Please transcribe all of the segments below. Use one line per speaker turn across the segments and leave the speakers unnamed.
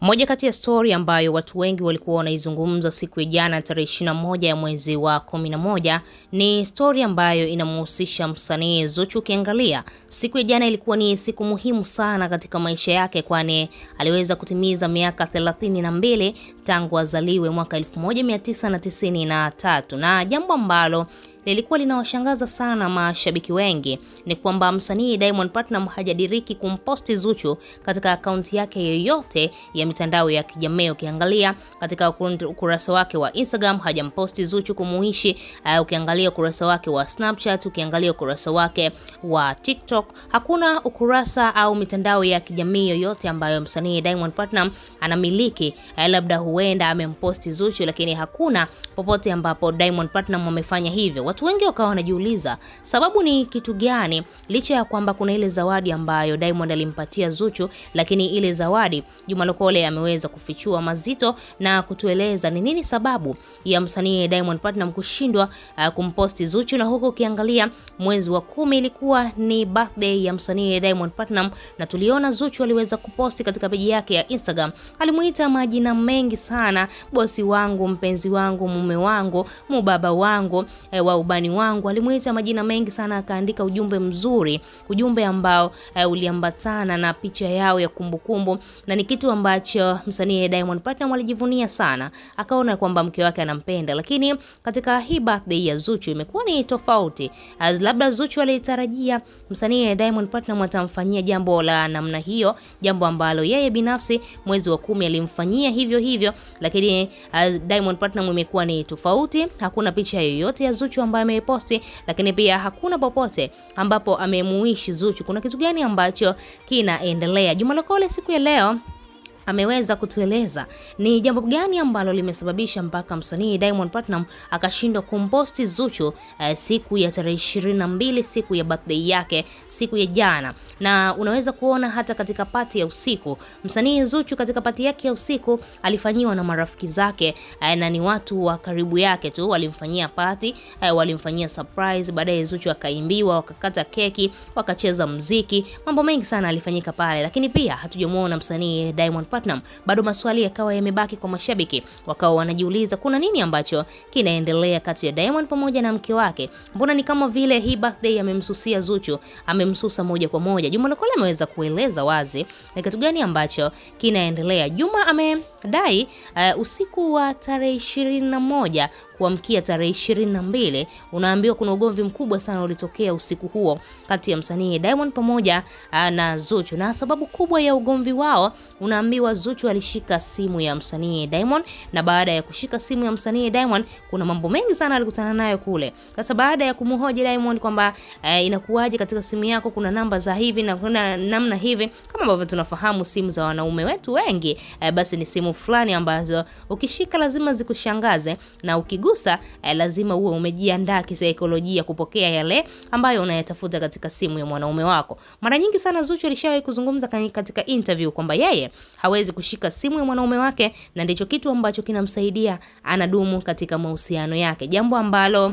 Moja kati ya stori ambayo watu wengi walikuwa wanaizungumza siku ya jana tarehe 21 ya mwezi wa 11 ni stori ambayo inamhusisha msanii Zuchu. Ukiangalia siku ya jana ilikuwa ni siku muhimu sana katika maisha yake, kwani aliweza kutimiza miaka thelathini na mbili tangu azaliwe mwaka 1993 na, na jambo ambalo lilikuwa linawashangaza sana mashabiki wengi ni kwamba msanii Diamond Platnumz hajadiriki kumposti Zuchu katika akaunti yake yoyote ya mitandao ya kijamii. Ukiangalia katika ukurasa wake wa Instagram hajamposti Zuchu kumuishi. Uh, ukiangalia ukurasa wake wa Snapchat, ukiangalia ukurasa wake wa TikTok, hakuna ukurasa au mitandao ya kijamii yoyote ambayo msanii Diamond Platnumz anamiliki. Uh, labda huenda amemposti Zuchu, lakini hakuna popote ambapo Diamond Platnumz amefanya hivyo watu wengi wakawa wanajiuliza sababu ni kitu gani, licha ya kwamba kuna ile zawadi ambayo Diamond alimpatia Zuchu, lakini ile zawadi Juma Lokole ameweza kufichua mazito na kutueleza ni nini sababu ya msanii Diamond Platinum kushindwa uh, kumposti Zuchu, na huko ukiangalia mwezi wa kumi ilikuwa ni birthday ya msanii Diamond Platinum, na tuliona Zuchu aliweza kuposti katika peji yake ya Instagram, alimuita majina mengi sana, bosi wangu, mpenzi wangu, mume wangu, mubaba wangu, e, wa ubani wangu, alimuita majina mengi sana, akaandika ujumbe mzuri, ujumbe ambao uh, uliambatana na picha yao ya kumbukumbu kumbu, na ni kitu ambacho msanii Diamond Platnumz alijivunia sana, akaona kwamba mke wake anampenda. Lakini katika hii birthday ya Zuchu imekuwa ni tofauti, As ah, labda Zuchu alitarajia msanii Diamond Platnumz atamfanyia jambo la namna hiyo, jambo ambalo yeye binafsi mwezi wa kumi alimfanyia hivyo hivyo, lakini ah, Diamond Platnumz imekuwa ni tofauti, hakuna picha yoyote ya Zuchu ambayo ambayo ameiposti, lakini pia hakuna popote ambapo amemuishi Zuchu kuna kitu gani ambacho kinaendelea. Juma Lokole siku ya leo ameweza kutueleza ni jambo gani ambalo limesababisha mpaka msanii Diamond Platinum akashindwa kumposti Zuchu eh, siku ya tarehe mbili siku ya birthday yake siku ya jana, na unaweza kuona hata katika pati ya usiku msanii Zuchu katika pati yake ya usiku alifanyiwa na marafiki zake eh, na ni watu wa karibu yake tu walimfanyia pati eh, walimfanyia surprise. Baadaye Zuchu akaimbiwa, wakakata keki, wakacheza mziki, mambo mengi sana alifanyika pale, lakini pia hatujamuona msanii Diamond Platinum, bado maswali yakawa yamebaki kwa mashabiki, wakawa wanajiuliza kuna nini ambacho kinaendelea kati ya Diamond pamoja na mke wake. Mbona ni kama vile hii birthday amemsusia Zuchu, amemsusa moja kwa moja. Juma Lokole ameweza kueleza wazi ni kitu gani ambacho kinaendelea. Juma amedai uh, usiku wa tarehe 21 kuamkia tarehe ishirini na mbili unaambiwa kuna ugomvi mkubwa sana ulitokea usiku huo kati ya msanii Diamond pamoja ah, na Zuchu, na sababu kubwa ya ugomvi wao unaambiwa Zuchu alishika simu ya msanii Diamond, na baada ya kushika simu ya msanii Diamond kuna mambo mengi sana alikutana nayo kule. Sasa baada ya kumhoji Diamond kwamba eh, inakuwaje katika simu yako kuna namba za hivi na kuna namna hivi, kama ambavyo tunafahamu simu za wanaume wetu wengi eh, basi ni simu fulani ambazo ukishika lazima zikushangaze na ukigo kukugusa eh, lazima uwe umejiandaa kisaikolojia kupokea yale ambayo unayatafuta katika simu ya mwanaume wako. Mara nyingi sana Zuchu alishawahi kuzungumza katika interview kwamba yeye hawezi kushika simu ya mwanaume wake na ndicho kitu ambacho kinamsaidia anadumu katika mahusiano yake, jambo ambalo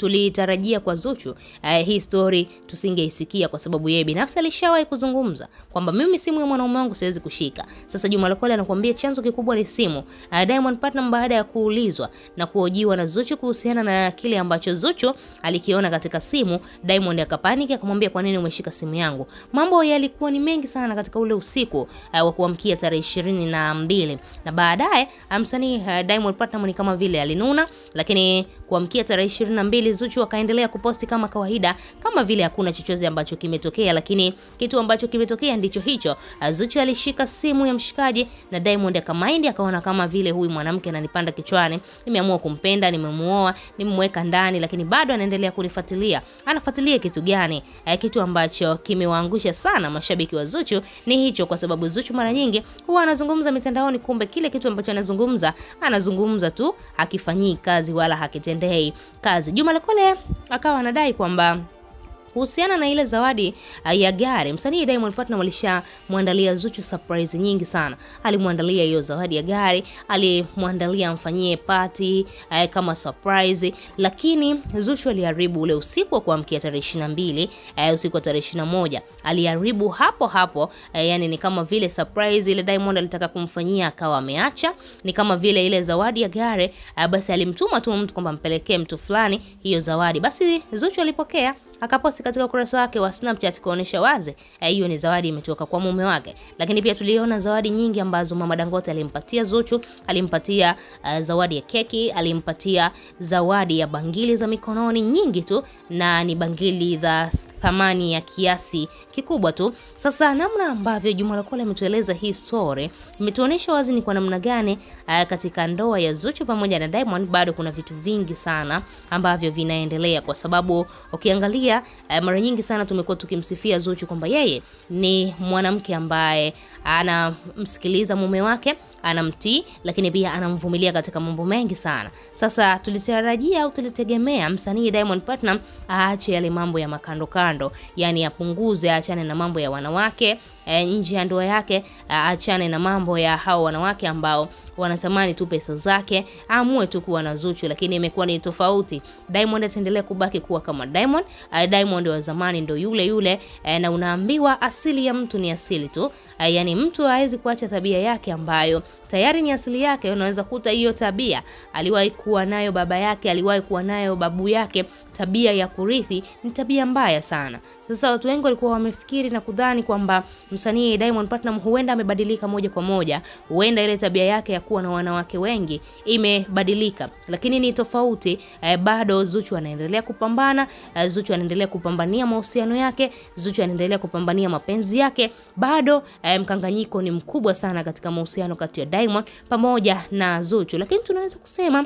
tuliitarajia kwa Zuchu eh, hii story tusingeisikia kwa sababu yeye binafsi alishawahi kuzungumza kwamba mimi simu ya mwanaume wangu siwezi kushika. Sasa Juma Lokole anakuambia chanzo kikubwa ni simu. Eh, Diamond Platnumz baada ya kuulizwa na kuojiwa na Zuchu kuhusiana na kile ambacho Zuchu alikiona katika simu, Diamond akapanika akamwambia, kwa nini umeshika simu yangu? Mambo yalikuwa ni mengi sana katika ule usiku eh, wa kuamkia tarehe ishirini na mbili na baadaye msanii eh, Diamond Platnumz ni kama vile alinuna, lakini kuamkia tarehe ishirini na mbili pili Zuchu akaendelea kuposti kama kawaida, kama vile hakuna chochote ambacho kimetokea, lakini kitu ambacho kimetokea ndicho hicho. Zuchu alishika simu ya mshikaji na Diamond akamaindi, akaona kama vile huyu mwanamke ananipanda kichwani, nimeamua kumpenda, nimemuoa, nimemweka ndani, lakini bado anaendelea kunifuatilia. Anafuatilia kitu gani? Eh, kitu ambacho kimewaangusha sana mashabiki wa Zuchu ni hicho, kwa sababu Zuchu mara nyingi huwa anazungumza mitandaoni, kumbe kile kitu ambacho anazungumza anazungumza tu, hakifanyii kazi wala hakitendei kazi. Juma kule akawa anadai kwamba Kuhusiana na ile zawadi uh, ya gari, msanii Diamond Platnumz alishamwandalia Zuchu surprise nyingi sana. Alimwandalia hiyo zawadi ya gari, alimwandalia amfanyie party uh, kama surprise, lakini Zuchu aliharibu ule usiku wa kuamkia tarehe 22, uh, usiku wa tarehe 21 aliharibu hapo hapo. Yani ni kama vile surprise ile Diamond alitaka kumfanyia akawa ameacha, ni kama vile ile zawadi ya gari, basi alimtuma tu mtu kwamba mpelekee mtu fulani hiyo zawadi, basi Zuchu alipokea akaposti katika ukurasa wake wa Snapchat kuonesha wazi eh, hiyo ni zawadi imetoka kwa mume wake. Lakini pia tuliona zawadi nyingi ambazo Mama Dangote alimpatia Zuchu, alimpatia uh, zawadi ya keki, alimpatia zawadi ya bangili za mikononi nyingi tu, na ni bangili za thamani ya kiasi kikubwa tu. Sasa namna ambavyo Juma Lokole ametueleza hii story imetuonesha wazi ni kwa namna gani uh, katika ndoa ya Zuchu pamoja na Diamond bado kuna vitu vingi sana ambavyo vinaendelea, kwa sababu ukiangalia pia eh, mara nyingi sana tumekuwa tukimsifia Zuchu kwamba yeye ni mwanamke ambaye anamsikiliza mume wake, anamtii, lakini pia anamvumilia katika mambo mengi sana. Sasa tulitarajia au tulitegemea msanii Diamond Platinum aache yale mambo ya makando kando, yani apunguze, aachane na mambo ya wanawake e, nje ya ndoa yake, aachane na mambo ya hao wanawake ambao wanatamani tu pesa zake, aamue tu kuwa na Zuchu, lakini imekuwa ni tofauti. Diamond ataendelea kubaki kuwa kama Diamond. Diamond wa zamani ndo yule yule, e, na unaambiwa asili ya mtu ni asili tu, yani mtu hawezi kuacha tabia yake ambayo tayari ni asili yake. Unaweza kuta hiyo tabia aliwahi kuwa nayo baba yake, aliwahi kuwa nayo babu yake. Tabia ya kurithi ni tabia mbaya sana. Sasa watu wengi walikuwa wamefikiri na kudhani kwamba msanii Diamond Platinum huenda amebadilika moja kwa moja, huenda ile tabia yake ya kuwa na wanawake wengi imebadilika, lakini ni tofauti eh, bado Zuchu anaendelea kupambana eh, Zuchu anaendelea kupambania mahusiano yake, Zuchu anaendelea kupambania mapenzi yake. Bado eh, mkanganyiko ni mkubwa sana katika mahusiano kati ya Diamond pamoja na Zuchu, lakini tunaweza kusema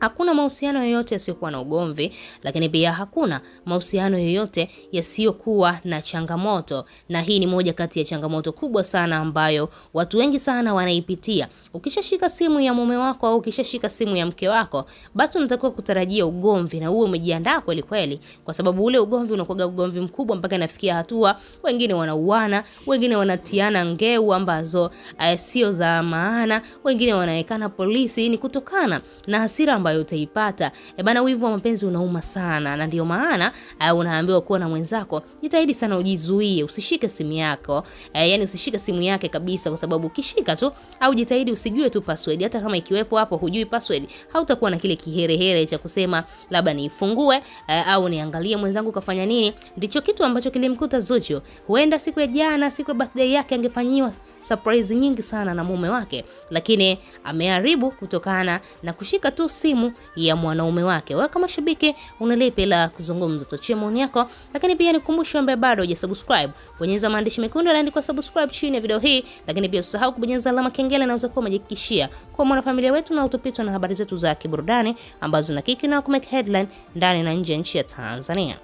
Hakuna mahusiano yoyote yasiyokuwa na ugomvi, lakini pia hakuna mahusiano yoyote yasiyokuwa na changamoto, na hii ni moja kati ya changamoto kubwa sana ambayo watu wengi sana wanaipitia. Ukishashika simu ya mume wako au ukishashika simu ya mke wako, basi unatakiwa kutarajia ugomvi na uwe umejiandaa kweli kweli, kwa sababu ule ugomvi unakuwa ugomvi mkubwa mpaka inafikia hatua wengine wanauana, wengine wanatiana ngeu ambazo eh, sio za maana, wengine wanaonekana polisi. Ni kutokana na hasira ambayo utaipata. E bana, wivu wa mapenzi unauma sana, na ndio maana uh, unaambiwa kuwa na mwenzako, jitahidi sana ujizuie, usishike simu yako uh, yani usishike simu yake kabisa, kwa sababu ukishika tu au jitahidi usijue tu password. Hata kama ikiwepo hapo hujui password, hautakuwa na kile kiherehere cha kusema labda niifungue uh, au niangalie mwenzangu kafanya nini. Ndicho kitu ambacho kilimkuta Zuchu. Huenda siku ya jana, siku ya birthday yake, angefanyiwa surprise nyingi sana na mume wake, lakini ameharibu kutokana na kushika tu simu timu ya mwanaume wake. Wewe kama shabiki una la kuzungumza? Tuachie maoni yako, lakini pia nikukumbushe ambaye bado hujasubscribe, bonyeza maandishi mekundu yaliyoandikwa subscribe chini ya video hii, lakini pia usisahau kubonyeza alama kengele na utakuwa umejihakikishia kuwa mwanafamilia wetu na utopitwa na habari zetu za kiburudani ambazo zinakiki na kumake headline ndani na nje ya nchi ya Tanzania.